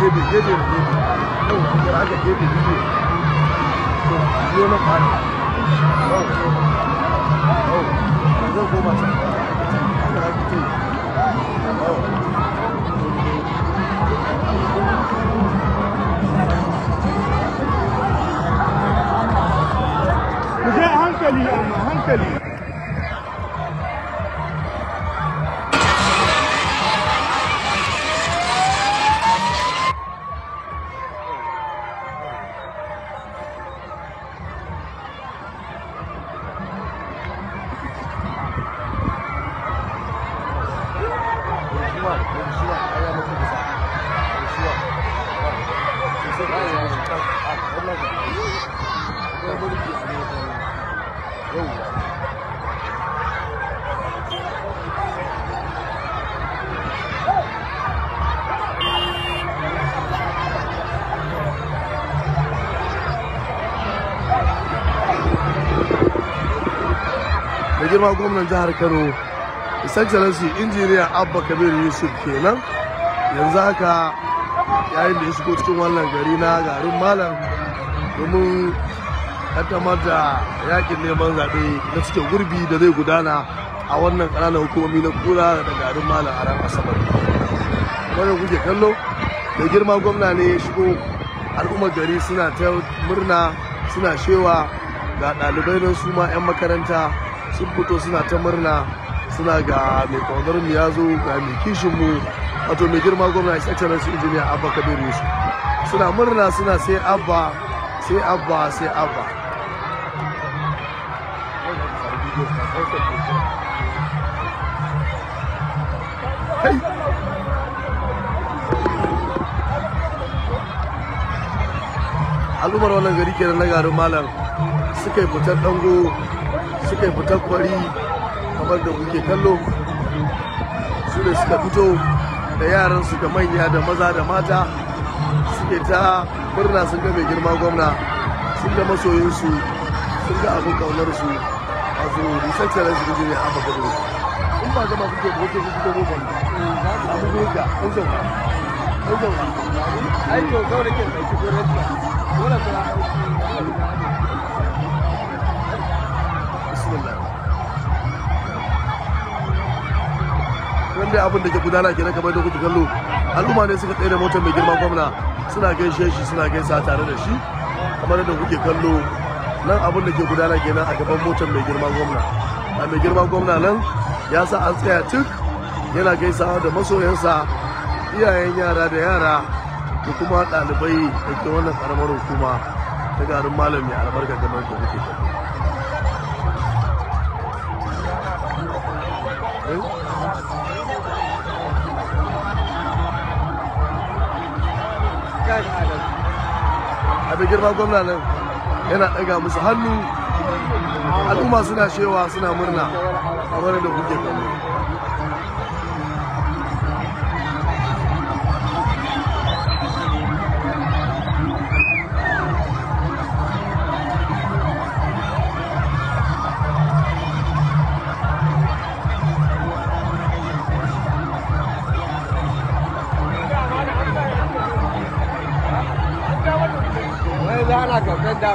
give you. hebe yau da aka hebe hebe to zo I don't yau zan I can da aka ce Hankali hankali girma gwamnan jihar kano His Excellency Injiniya Abba Kabir Yusuf kenan yanzu haka yayin da ya shigo cikin wannan gari na garin Malam domin kaddamar da yakin neman zaɓe na cikin gurbi da zai gudana a wannan ƙananan hukumomi na kura da garin Malam a ran Asabar. Wannan kuke kallo da girma gwamna ne ya shigo al'ummar gari suna ta murna suna shewa ga ɗalibai nan su ma 'yan makaranta sun fito suna ta murna suna ga mai kwanar mu ya zo ga mai kishin mu wato mai girma gwamna his excellency engineer abba kabir yusuf suna murna suna sai abba sai abba sai abba al'ummar wannan gari kenan na garin malam suka yi fitar dango suka yi fitar kwari kamar da muke kallo su da suka fito da yaransu da manya da maza da mata suke ta murna sun ga mai girma gwamna sun ga masoyinsu sun ga abin kaunarsu a zuru nisan tsarar su gijiri a bakar in ba zama kuke da wajen kuke goma ne abu ne ga ɗan zauna ɗan zauna ai kyau kawai da ke ɗauki gwamnati wala ta nan da abin da ke gudana kenan kamar da kuke kallo al'umma ne suka tsaye da motar mai girma gwamna suna gaishe shi suna gaisa tare da shi kamar da kuke kallo nan abin da ke gudana kenan a gaban motar mai girma gwamna a mai girma gwamna nan ya sa an tsaya tuk yana gaisawa da masoyansa iyayen yara da yara da kuma ɗalibai da ke wannan karamar hukuma ta garin ya albarka kamar mai kuke kallo eh? mai girma gwamna nan yana ɗaga musu hannu al'umma suna shewa suna murna kamar da kuke kallo alàgbà fẹ́ dá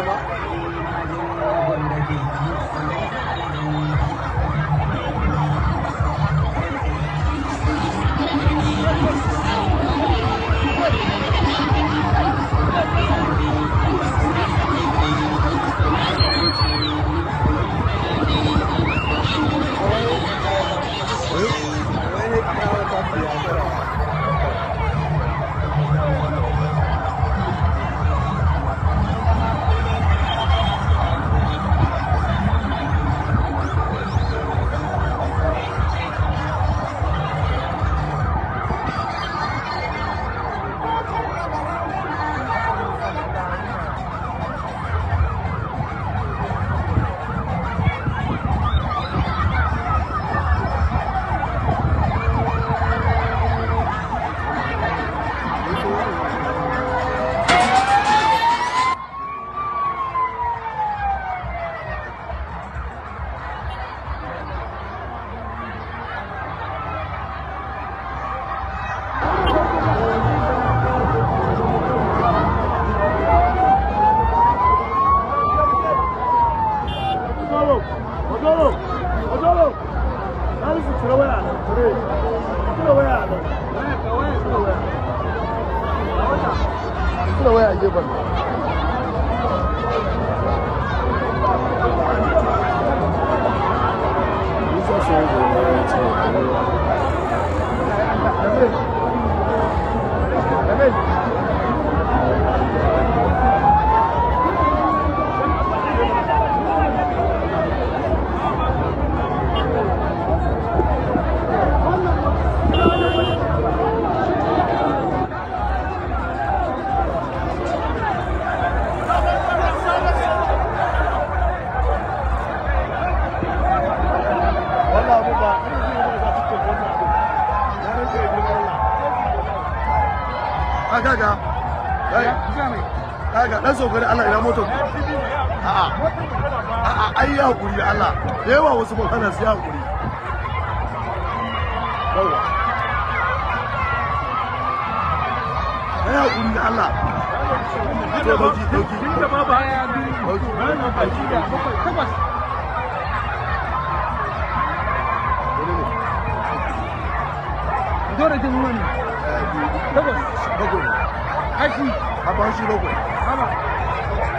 Odoro, Odoro, Odoro. a throw sauka da Allah ina motar a'a a'a ai ya hakuri Allah yawa wasu mun hana su ya hakuri yawa ai hakuri da Allah to dauki dauki inda ba ba ya bi dauki da takwas wani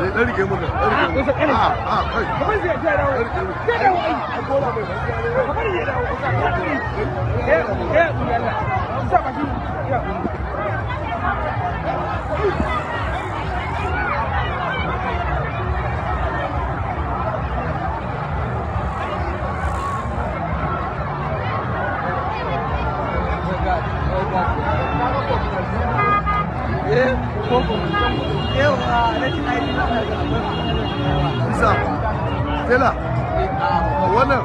ne dan rike mun dan rike mun a a kai kamar zai ya dawo zai ka kai eh Fela. Wannan.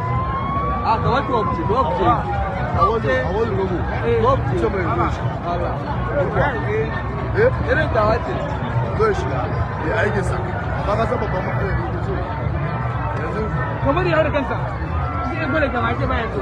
A ga A wajen, a wajen rogo. Wabce. Ce mai rogo. Eh. eh? Irin da wace. Zai shiga. Ya aikin sa. Ba ka saba babban mutum ya rogo so. Yanzu. Kamar ya har kansa. Shi ya gwada gama ke ba yanzu.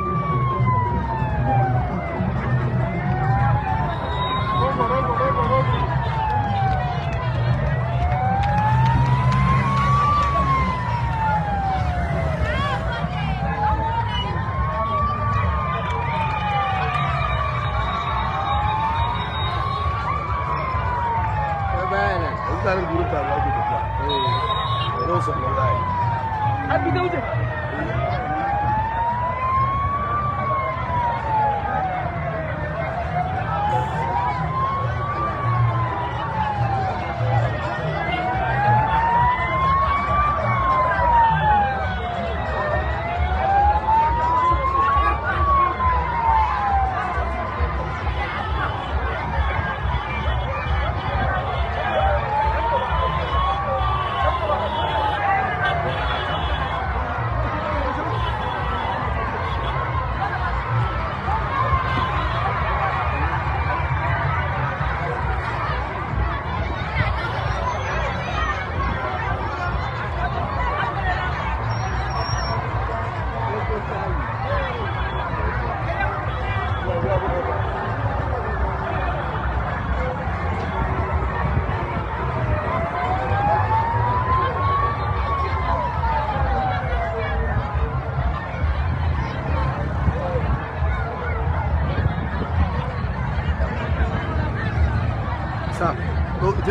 bayana yanzu tarin gurin taruwa ke tafiya eh rosa wallahi an bi da wuce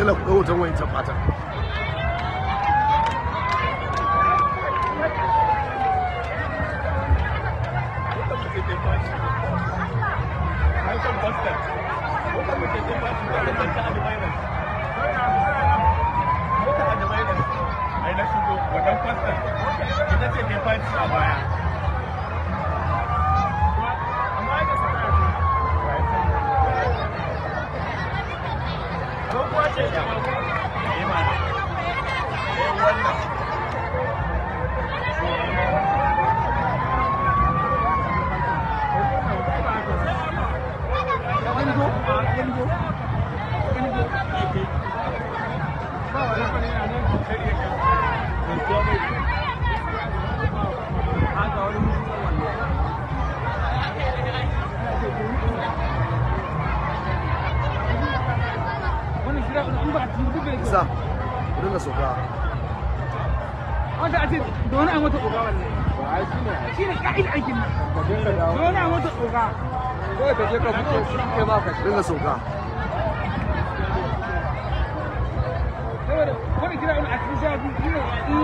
dala ku hoton wayancan fatan Ina ce a baya. 哎呀！哎呀！kawai ka je ka fito kai ma ka dinga sauka saboda wani kira wani a cikin shafi in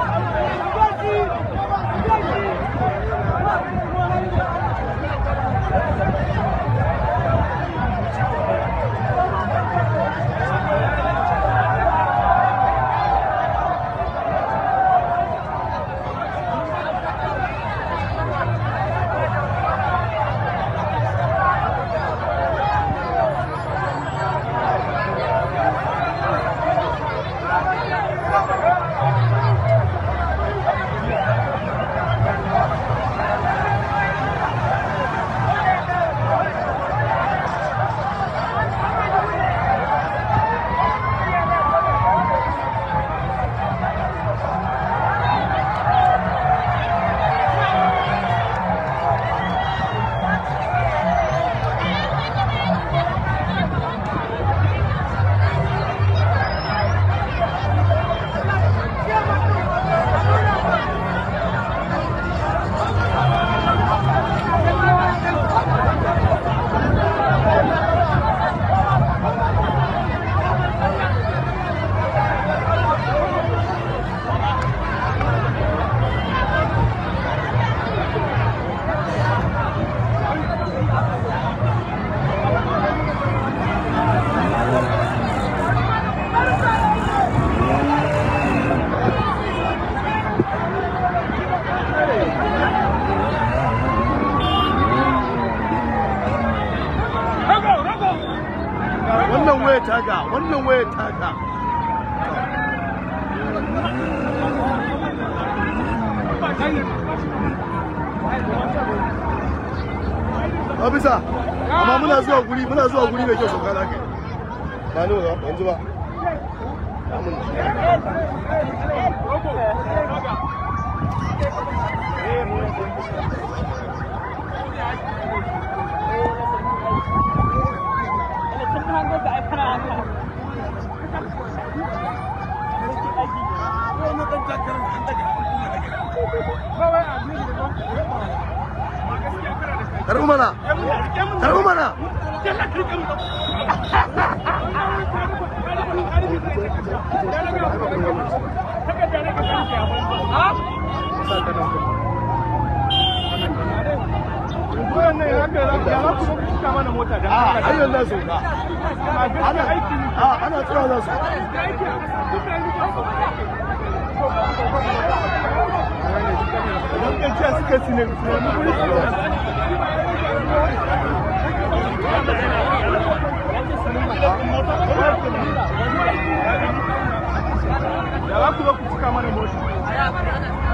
Oh, 我们那是屋里面叫手拉拉狗，那弄个帮助吧。karbi mana karbi mana ah, ayyun nasu ah, ana tsira nasu Ya at Jessica Sinim. Ela colocou o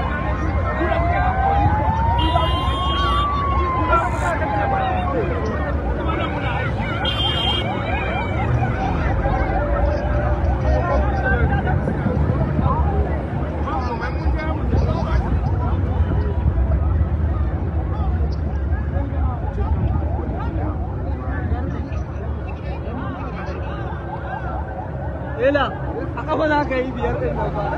que